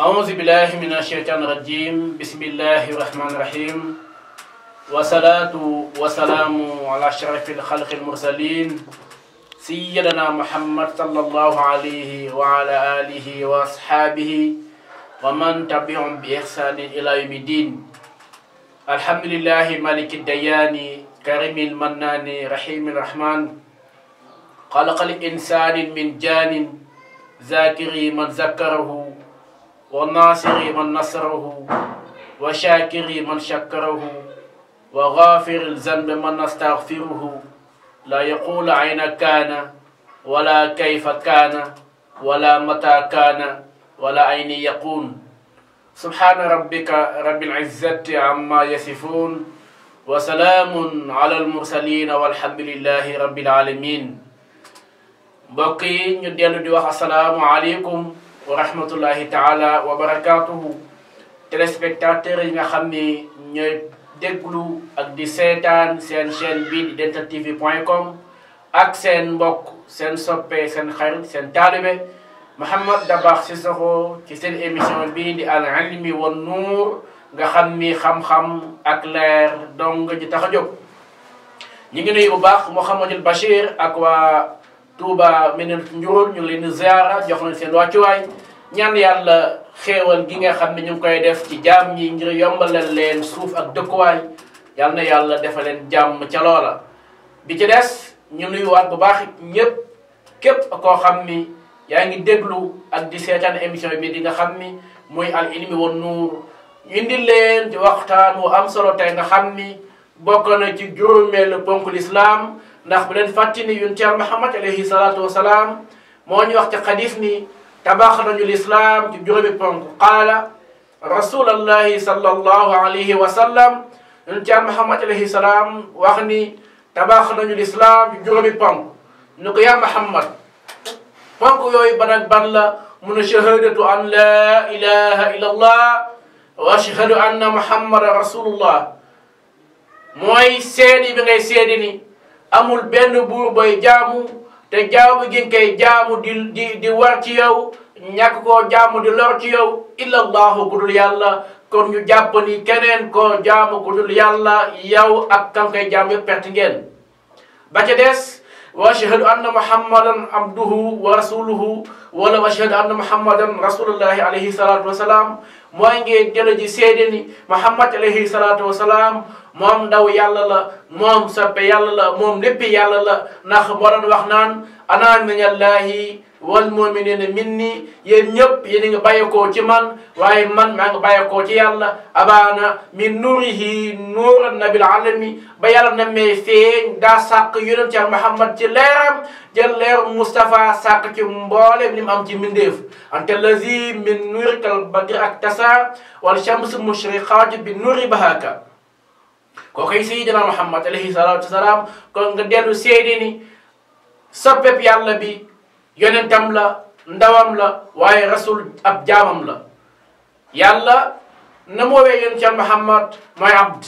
أعوذ بالله من الشيطان الرجيم بسم الله الرحمن الرحيم والصلاة وسلام على أشرف الخلق المرسلين سيدنا محمد صلى الله عليه وعلى آله وأصحابه ومن تبعهم بإحسان إلى يوم الدين الحمد لله مالك الديان كريم المنان رحيم الرحمن خلق الإنسان من جان ذاكري من ذكره والناصر من نصره وشاكر من شكره وغافر الذنب من استغفره لا يقول أين كان ولا كيف كان ولا متى كان ولا أين يكون سبحان ربك رب العزة عما يصفون وسلام على المرسلين والحمد لله رب العالمين بقي ñu delu di rahmatullahi taala wa barakatuhu téléspectateurs yi nga xam ñoy déglu ak di sétane sen chaîne bi di dentatv.com ak sen mbokk sen soppe sen xarit sen talibé mohammed Dabakh Cissokho ci sen émission bi di al ilmi wa nur nga xam xam-xam ak lèr dong ji taxajuk ñi ngi nuyu bu baax Mouhamadul bashir ak wa Touba meneen njuróor ñu leen di ziara jox leen seen wàccuwaay ñaan yàlla xéewal gi nga xam ne ñu koy def ci jaam yi ngir yombalal leen suuf ak dëkkuwaay yal na yàlla defa leen jàmm ca loola. bi ci des ñu nuyuwaat bu baax ñëpp képp koo xam ni yaa ngi déglu ak di seetaan émission bi di nga xam ni muy al ilmi wan nuur indi leen waxtaan wu am solo tey nga xam ni bokk na ci juróomeelu ponk lislaam ndax bu leen fàtti ni yun teer muhammad alayhi salatu wasalaam moo ñu wax ci xadis ni tabax nañu lislaam ci juróomi ponk qaala rasulallahi sallallahu alayhi wa sallam yun teer muhammad alayhi salaam wax ni tabax nañu lislaam ci juróomi ponk ñu ko yaa muhammad ponk yooyu ban ak ban la mu ne shahadatu an la ilaha illa allah wa ashhadu anna muhammada rasulullah mooy seedi bi ngay seedi ni amul benn buur booy jaamu te jaamu gi nga jaamu di di di war ci yow ñàkk koo jaamu di lor ci yow illallahu ku dul yàlla kon ñu jàpp ni keneen koo jaamu ku dul yàlla yow ak kam koy jaamu yëpp ba ca des واشهد ان محمدا عبده ورسوله ولا واشهد ان محمدا رسول الله عليه الصلاه والسلام موينغي جلوجي سيدني محمد عليه الصلاه والسلام موم داو يالا لا موم سبي يالا لا موم نيبي يالا لا نخ مودن واخنان انا من الله wal muminina minni yéen ñëpp yéen a ngi bàyyeekoo ci man waaye man maa ngi bàyyeekoo ci yàlla abaana min nuurihi nuuran nabil alami ba yàlla na may feeñ daa sàkk yonent Yàlla Muhammad ci leeram jël leeru Moustapha sàkk ci mboolem li mu am ci mindeef anta lazi min nuurikal badri ak tasa wal shamsu mushriqaatu bi nuuri bahaka kookoy sayidina Muhammad alayhi salaatu wasalaam kon nga dellu seede ni yàlla bi yonentam la ndawam la waaye rasul ab jaamam la yàlla na moowee yonent yàlla Muhammad mooy abd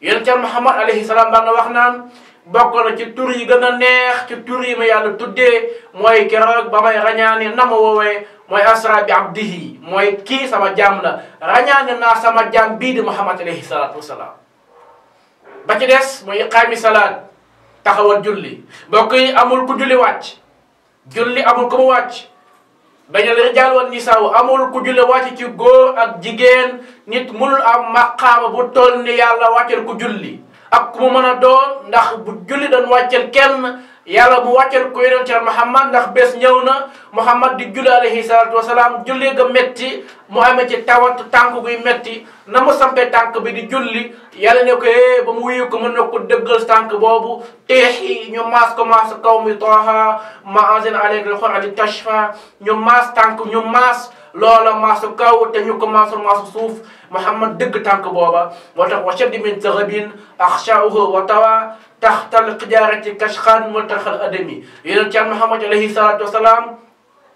yonent yàlla Muhammad alayhi salaam daan na wax naan bokk na ci tur yi gën a neex ci tur yi ma yàlla tuddee mooy keroog ba may rañaane na ma woowee mooy asra bi abdihi mooy kii sama jaam la rañaane naa sama jaam bii di Muhammad alayhi salaatu wasalaam ba ci des mooy iqaami salaat taxawal julli mbokk amul ku julli wàcc julli amul ku mu wàcc dañal rijaal wa nisaaw amul ku julle wàcc ci góor ak jigéen nit mënul am maqaama bu toll ni yàlla wàcceel ku julli ak ku mu mën a doon ndax bu julli doon wàcceel kenn yàlla bu wàcceel ku yonent al Muhammad ndax bes ñëw na Muhammad di julli alayhi salaatu wasalaam julli ga métti mu amee ci tawat tànk guy metti na mu sampee tànk bi di julli yàlla ne ko eh, ba mu wuyu ko mën na ko dëggal tànk boobu teexi ñu maas ko maas kaw mi tooxa ma anzalna alayka al-qur'ana litashqa ñu maas tànk ñu maas loola maasu kaw te ñu ko maasul maasu suuf Muhammad dëgg tànk booba moo tax wa shaddi min sarabin axshauhu wa tawa taxtal xijaarati kashxan multaxal adami yéen a ci Muhammad alayhi salaatu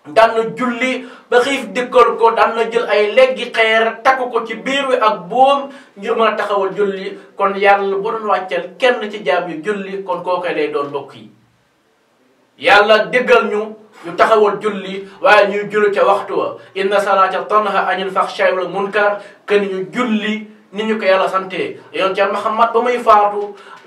daan na julli ba xiif dikkal ko daan na jël ay leggi xeer takk ko ci biir wi ak boom ngir mën a taxawal julli kon yàlla bu doon wàcceel kenn ci jaam yi julli kon kookoy lay doon mbokk yi yàlla déggal ñu ñu taxawal julli waaye ñuy julli ca waxtu wa inna salaata tanha anil faxshaay wal munkar ken ñu julli ni ñu ko yàlla santee yoon ca Muhammad ba muy faatu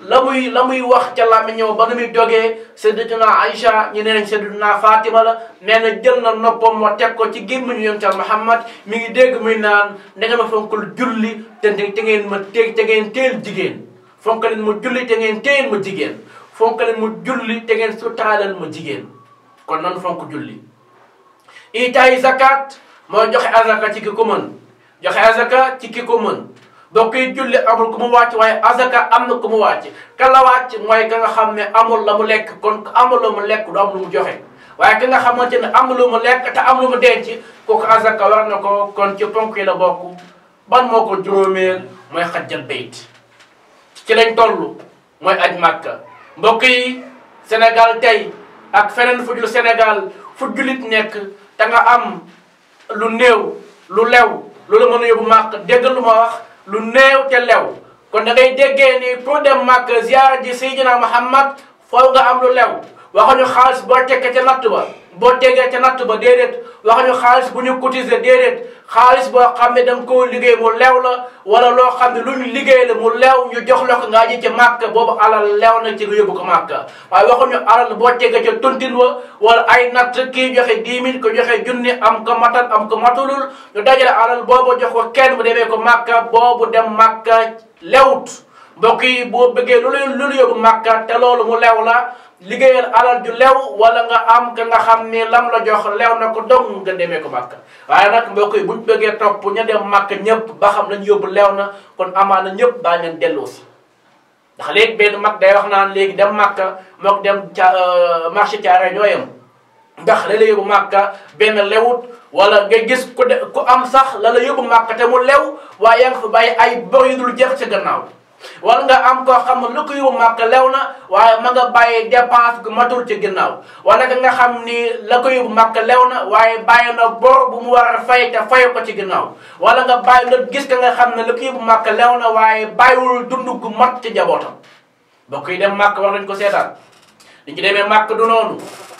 la muy la muy wax ca làmmiñam ba nu muy dogee Sayyidatuna Aïcha ñu ne nañ Sayyidatuna Fatima la nee na jël na noppam moo teg ko ci gémmiñu yoon ca Muhammad mi ngi dégg muy naan ndege ma fonkul julli te te ngeen ma te teel jigéen fonk leen ma julli te ngeen teel ma jigéen fonk leen ma julli te ngeen sutaalal ma jigéen kon nan fonk julli itaay zakat mooy joxe azaka ci ki joxe azaka ci ki donc kuy julli amul ku mu wàcc waaye azaka am na ku mu wàcc ka la mooy ka nga xam ne amul la mu lekk kon amul la mu lekk du am lu mu joxe waaye ki nga xamante ne am lu mu lekk te am lu mu denc kooku azaka war na ko kon ci ponk yi la bokk ban moo ko juróomeel mooy xajjal bayt ci lañ toll mooy aj màkka mbokk Sénégal tey ak feneen fu dul Sénégal fu julit nekk te nga am lu néew lu lew lu la mën a yóbbu màkk dégg lu ma wax lu new te lew kon da ngay déggee ni pour dem màkk ziyaara ji Seydina Muhammad foofu nga am lu lew waxuñu xaalis boo tekkee ca natt ba boo tegee ca natt ba déedéet wax ñu xaalis bu ñu cotiser déedéet xaalis boo xam ne da nga koo liggéey mu leew la wala loo xam ne lu ñu liggéey la mu leew ñu jox la ko ngaa ji ca màkk boobu alal leew na ci nga yóbbu ko màkk waaye waxuñu alal boo tegee ca tontin wa wala ay natt kii joxe dix mille ko joxe junni am ko matal am ko matulul ñu dajale alal boobu jox ko kenn bu demee ko màkk boobu dem màkk lewut mbokk yi boo bëggee lu lu yóbbu màkk te leew la liggéeyal alal ju lew wala nga am ka nga xam ni lam la jox lew na ko dong nga demee ko makka waaye nag mbokk yi buñ bëggee topp ña dem màkk ñëpp ba xam lañ yóbbu lew na kon amaana ñëpp baa leen delloo si ndax léegi benn mag day wax naan léegi dem màkk mook dem ca euh, marché caare ñoo yem ndax la yóbbu màkka benn lewut wala nga gis ku de ku am sax la la yóbbu màkk te mu lew waaye fa bàyyi ay bor yu dul jeex ca gannaaw wala nga am koo xam moom lu ko yóbbu màkk lew na waaye ma nga bàyyi dépense gu matul ci ginnaaw wala nga xam ni la ko yóbbu màkk lew na waaye bàyyi na bor bu mu war fay te fay ko ci ginnaaw wala nga bàyyi gis ka nga xam ne la ko yóbbu màkk na waaye bàyyiwul dund gu mat ci njabootam bokk yi dem màkk war nañ ko seetaan ci demee màkk du noonu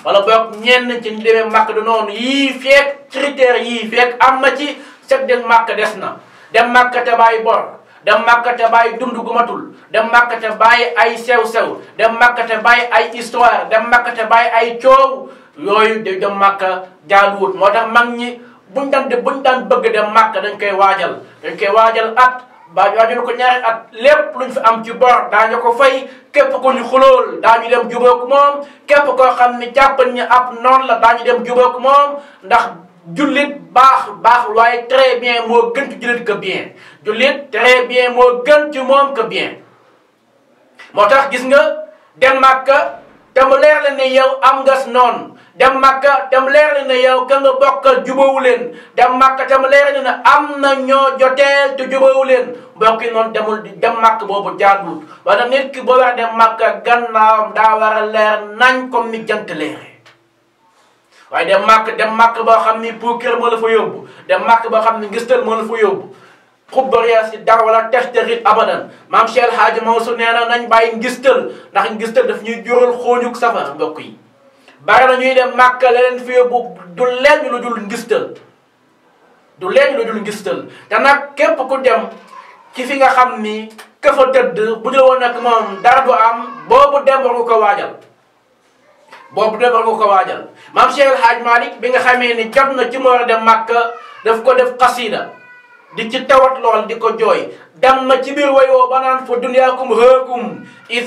wala boog ñenn ci ñu demee màkk du noonu yii feek critères yii feek am na ci seg dem màkk des na dem màkk te bàyyi bor dem màkk te bàyyi dund gu matul dem màkk te bàyyi ay sew-sew dem màkk te bàyyi ay histoire dem màkk te ay coow yooyu de dem màkk jaaduwut moo tax mag ñi buñ daan de buñ daan bëgg dem màkk dañ koy waajal dañ koy waajal at baa waajal ko ñaari at lépp luñ fi am ci bor daañu ko fay képp ku ñu xulool daañu dem jubóog moom képp koo xam ne jàppan ñi ab noonu la daañu dem jubóog moom ndax jullit baax baax waaye très bien moo gën ci jullit que bien jullit très bien moo gën ci moom que bien moo tax gis nga dem màkka te mu leer la ne yow am nga noon dem màkka te mu leer la ne yow ka nga bokkal jubawu leen dem màkka te mu leer la ne am na ñoo joteel te jubawu leen mbokk yi noonu demul dem màkk boobu jaaduwut wala nit ki boo war dem màkka gannaawam daa war a leer nañ comme ni jant leere waaye dem màkk dem màkk boo xam ni puukar moo la fa yóbbu dem màkk boo xam ni ngistal moo la fa yóbbu xubbarias si dara wala textarit abadan maam Cheikh El Hadji Mansour nee na nañ bàyyi ngistal ndax ngistal daf ñuy jural xooñuk safara mbokk yi bari na ñuy dem màkk la leen fi yóbbu du leen lu dul ngistal du leen lu dul ngistal te nag képp ku dem ci fi nga xam ni ka fa tëdd bu dul woon nag moom dara bu am boobu dem war ko waajal bob de ko ko wadjal mam Cheikh El Hadj malik bi nga xamé ni jot ci mu war dem Màkka daf ko def qasida di ci tawat lol di ko joy dam ma ci bir wayo banan fo fa dunyaakum hëekum is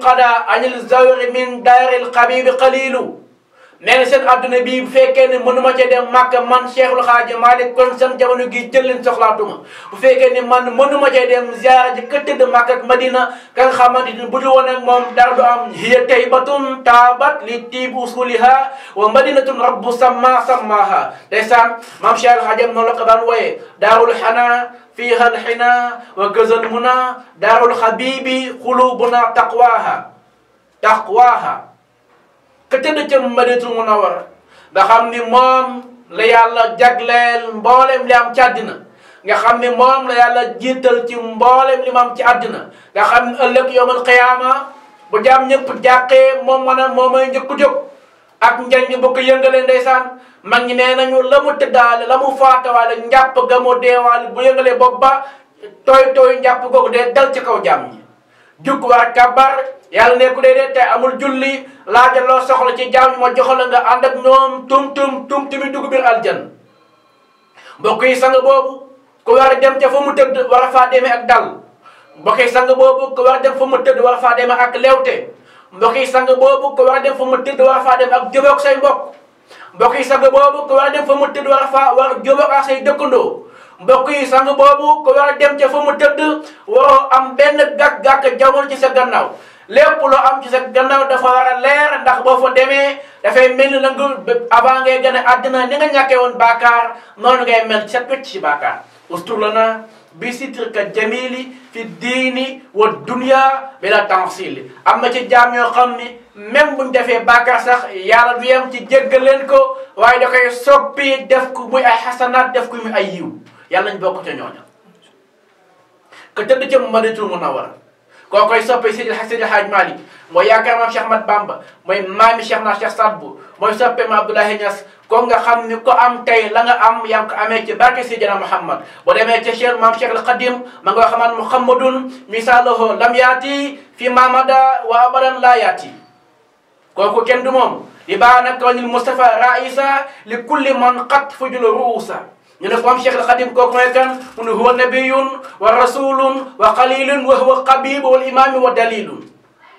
qada anil zawr min daaril qabib qalilu nee na seen adduna bii bu fekkee ne mënuma cee dem màkka man Cheikhul Xaaji Malick kon seen jamono gii jël leen soxlaatuma bu fekkee ne man mënuma cee dem ziara ji këtt de màkka ak madina ka nga xamante ni bu dul woon ak moom dara du am hiya taybatun taabat li tiib usuliha wa madinatun rabbu samma sammaha ndeysaan maam Cheikhul Xaaji moom la ko daan wooyee daarul xanaa fiiha alxina wa gëzal muna daarul xabibi xulubuna taqwaha taqwaha ka tëdd ca Madinatul Munawwara nga xam ni moom la yàlla jagleel mboolem li am ci àddina nga xam ni moom la yàlla jiital ci mboole li mu ci àddina nga xam ni ëllëg yowmal xiyaama bu jaam ñëpp jàqee moom mën a moomay njëkku jóg ak njariñ bu ko yëngalee ndeysaan mag ñi nee nañu la mu tëddaale la mu faatawaale njàpp ga mu deewaale bu yëngalee bopp ba tooy tooy njàpp googu dee dal ci kaw jaam Juk war kabar kàbbar yàlla ne ku dee te amul julli laajal loo soxla ci jaam ñi ma nga ànd ak ñoom tum tum tum tumi dugg biir aljan mbokk yi sang boobu ku war a dem ca fa mu tëdd war a faa demee ak dal mbokk yi sang boobu ku war a dem fa mu tëdd war a faa ak lewte mbokk yi sang boobu ku war dem fa mu tëdd war a dem ak jubóog say mbokk mbokk yi sang boobu ku war dem fa mu tëdd war a faa war ak say dëkkandoo mbokk yi sang boobu ko war a dem ca fa mu tëdd waroo am benn gàkk-gàkk jamul ci sa gannaaw lépp loo am ci sa gannaaw dafa war a leer ndax boo fa demee dafay mel ni la nga avant ngay gën a àddina ni nga ñàkkee woon bàkkaar noonu ngay mel set wecc ci bàkkaar ustur lana bi sitrika jamili fi diini wa dunya bila tamsili am na ci jaam yoo xam ni même buñ defee bàkkaar sax yàlla ya du yem ci jéggal ko waaye da koy soppi def ko muy ay xasanaat def ko muy ay yiw yàlla ñu bokk ca ñooña ka tëdd ca Madinatul Munawwara koo koy soppe Seydi Seydi Hadj Malick mooy yaakaar maam Cheikh Ahmad Bamba mooy maami Cheikh na Cheikh Sadbu mooy soppe ma Abdoulaye Niass ko nga xam ko am tey la nga am yaa ko amee ci barke Seydina Muhammad boo demee ca Cheikh maam Cheikh al Qadim ma nga xamaan Muhammadun misaaluhu lam yaati fi mamada wa abadan la yaati kooku kenn du moom li kawnil Mustafa raisa li kulli man qat fujul ruusa ñu ne ko am Cheikh al Xadim kooku mooy kan mu ne huwa nabiyun wa rasulun wa xalilun wa huwa xabibu wal imaami wa dalilun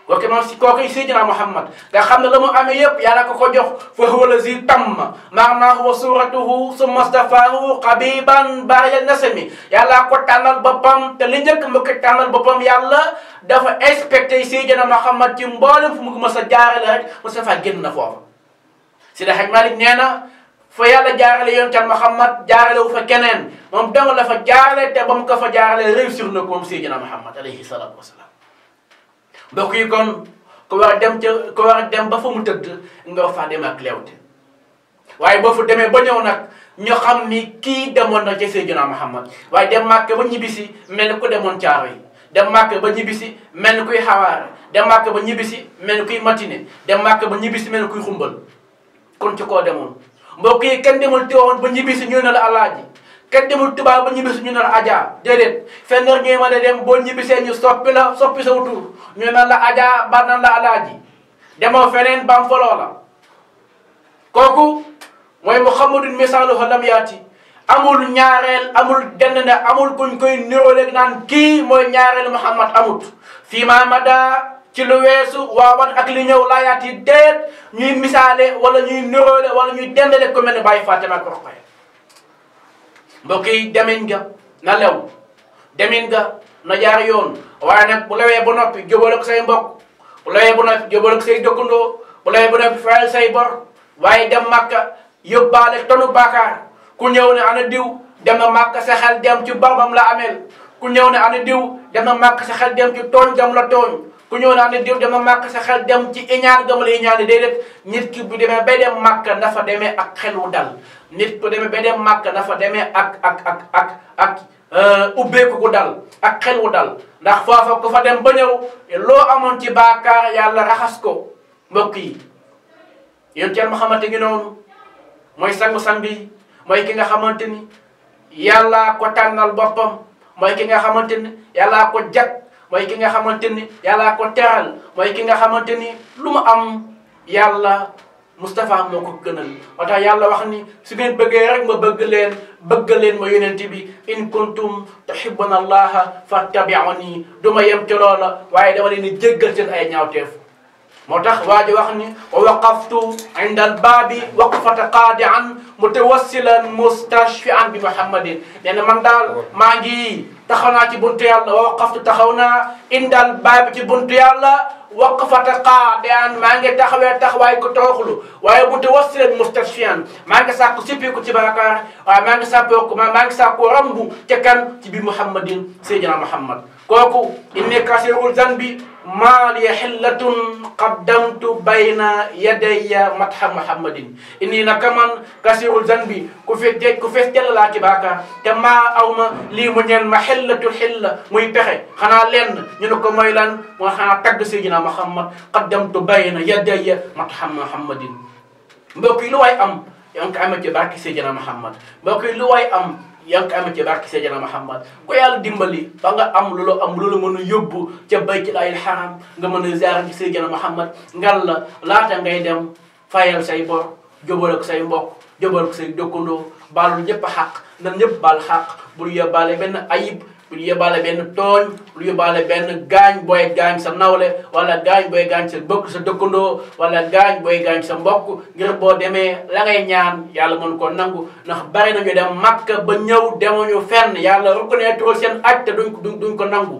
kooku moom si kooku Seydina Muhammad nga xam ne la mu amee yëpp yàlla ko ko jox fa huwa lazi tamma maanaahu wa suratuhu summa stafaahu xabiban baria nasami yàlla ko tànnal boppam te li njëkk mu ko tànnal boppam yàlla dafa inspecté Seydina Muhammad ci mboolem fu mu ko mës a jaarale rek mu sa faa génn na foofu Seydi fa yàlla jaarale yoon ca Muhammad jaarale wu fa keneen moom dong la fa jaarale te ba mu ko fa jaarale réussir na ko moom Seydina Muhammad alayhi salaatu wasalaam mbokk yi kon ku war dem ca ku dem ba fa mu tëdd nga fa dem ak leewte waaye boo fa demee ba ñëw nag ñu xam ni kii demoon na ca Seydina Muhammad waaye dem màkk ba ñibbisi mel ni ku demoon caaro yi dem màkk ba ñibbisi mel ni kuy xawaare dem màkk ba ñibbisi mel ni kuy matine dem màkk ba ñibbisi mel kuy xumbal kon ci koo demoon mbokk yi kenn demul Tiwaawan ba ñibbisi ñu ne la alaaji kenn demul Tuubaa ba ñibbi si ñu ne la Adja déedéet fenn boo ñibbisee ñu soppi la soppi sa tur ñu ne la ba nan la alaaji demoo feneen bam foloo kooku mooy Muhammadun misaaluhu lam yaati amul ñaareel amul denn ne amul kuñ koy niróoleeg naan kii mooy ñaareel Muhammad amut fii maa mada ci lu weesu waawan ak li ñëw laayaat yi déet ñuy misaale wala ñuy niroole wala ñuy dendale ku mel ne bàyyi Fatima ak Roqaya mbokk yi demin nga na lew demin nga na jaar yoon waaye nag bu lewee ba noppi jubal say mbokk bu lewee ba noppi jubal ak say dëkkandoo bu lewee ba noppi fayal say bor waaye dem màkka yóbbaale tonu bàkkaar ku ñëw ne ana diw dem na màkka sa xel dem ci bambam la ameel ku ñëw ne ana diw dem na màkka sa xel dem ci tooñ jam la tooñ ku ñëw naa ne diw dama màkk sa xel dem ci iñaan gama la iñaane déedéet nit ki bu demee bay dem màkk na fa demee ak xelu dal nit ku demee bay dem màkk na fa demee ak ak ak ak ak euh, ubbeeku gu dal ak xelu dal ndax foofa ku fa dem ba ñëw loo amoon ci baakaar yàlla raxas ko mbokk yi yén teen ma xamante ngi noonu mooy sangu-sang yi mooy ki nga xamante ni yàllaa ko tànnal boppam mooy ki nga xamante ni yàllaa ko jag mooy ki nga xamante ni yàllaa ko teral mooy ki nga xamante ni lu mu am yàlla Moustapha moo ko gënal moo tax yàlla wax ni su ngeen bëggee rek ma bëgg leen bëgg leen ma yonent bi in kuntum tuhibbuna allaha fattabi'uni du ma yem ci loola waaye dama leen di jéggal seen ay ñaawteef moo tax waa ji wax ni wa waqaftu inda albaabi waqfata qaadi'an mutawassilan mustashfi'an bi muhammadin nee na man daal maa ngi taxaw naa ci buntu yàlla wa waqaftu taxaw naa indal baabi ci buntu yàlla waqfata qaadiyan maa ngi taxawee taxawaay ko tooxlu waaye bu tawassulan mustashfiyan maa ngi sàkku sippiku ci baakaar waaye maa ngi sàkku maa ngi sàkku rambu ca kan ci bi Muhammadin Seydina Muhammad kooku inni kasirul zanbi maa li xillatun qaddamtu bayna yadayya matha muhammadin inni naka man kasirul zanbi ku fi de ku fees jël laa ci baaka te maa aw ma lii mu ñeel ma xillatu xilla muy pexe xanaa lenn ñu ne ko mooy lan mooy xanaa tagg sayyidina muhammad qaddamtu bayna yadayya matha muhammadin mbokk yi lu waay am yaa ngi ko amee ci barke sayyidina muhammad mbokk yi lu waay am yaa ngi ko amee ci barke Seydina Muhammad ku yàlla dimbali ba nga am lu la am lu la mën a yóbbu ca baytil ayil haram nga mën a ziara ci Seydina Muhammad ngal la laata ngay dem fayal say bor jubal say mbokk jubal say dëkkandoo baalu ñëpp a xaq nan ñëpp baal xaq bul yóbbaale benn ayib bu ñu yóbbaale benn tooñ lu yóbbaale benn gaañ booy gaañ sa nawle wala gaañ booy gaañ sa bëkk sa dëkkandoo wala gaañ booy gaañ sa mbokk ngir boo demee la ngay ñaan yàlla mën ko nangu ndax bari nañu dem Makka ba ñëw demuñu fenn yàlla reconnaître seen aj te duñ duñ duñ ko nangu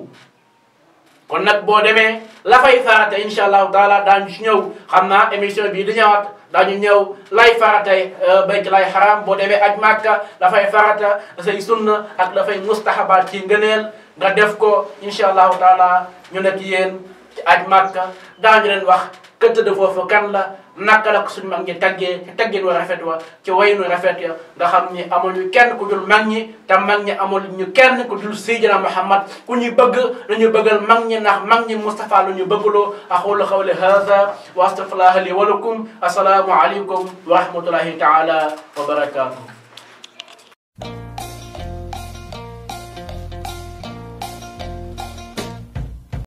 kon nag boo demee la fay farate incha taala daañu si ñëw xam naa émission bii di ñëwaat daa ñu ñëw lay faratay euh, bayt lay xaraam boo demee aj màkka dafay farata say sunna ak dafay mustahabaat ci ngëneel nga def ko incha allahu taala ñu ne yéen ci aj daa daañu leen wax këtt de foofu kan la naka ko suñu mag ñi tagge ci taggin wa rafet wa ci waynu rafet ya nga xamni amul ñu kenn ku dul mag ñi te mag ñi amul ñu kenn ku dul sayyidina Muhammad ku ñu bëgg la bëggal mag ñi ndax mag ñi Mustafa lu ñu bëggloo akhulu qawli hadha wa astaghfirullah li wa lakum assalamu alaykum wa rahmatullahi taala wa barakatuh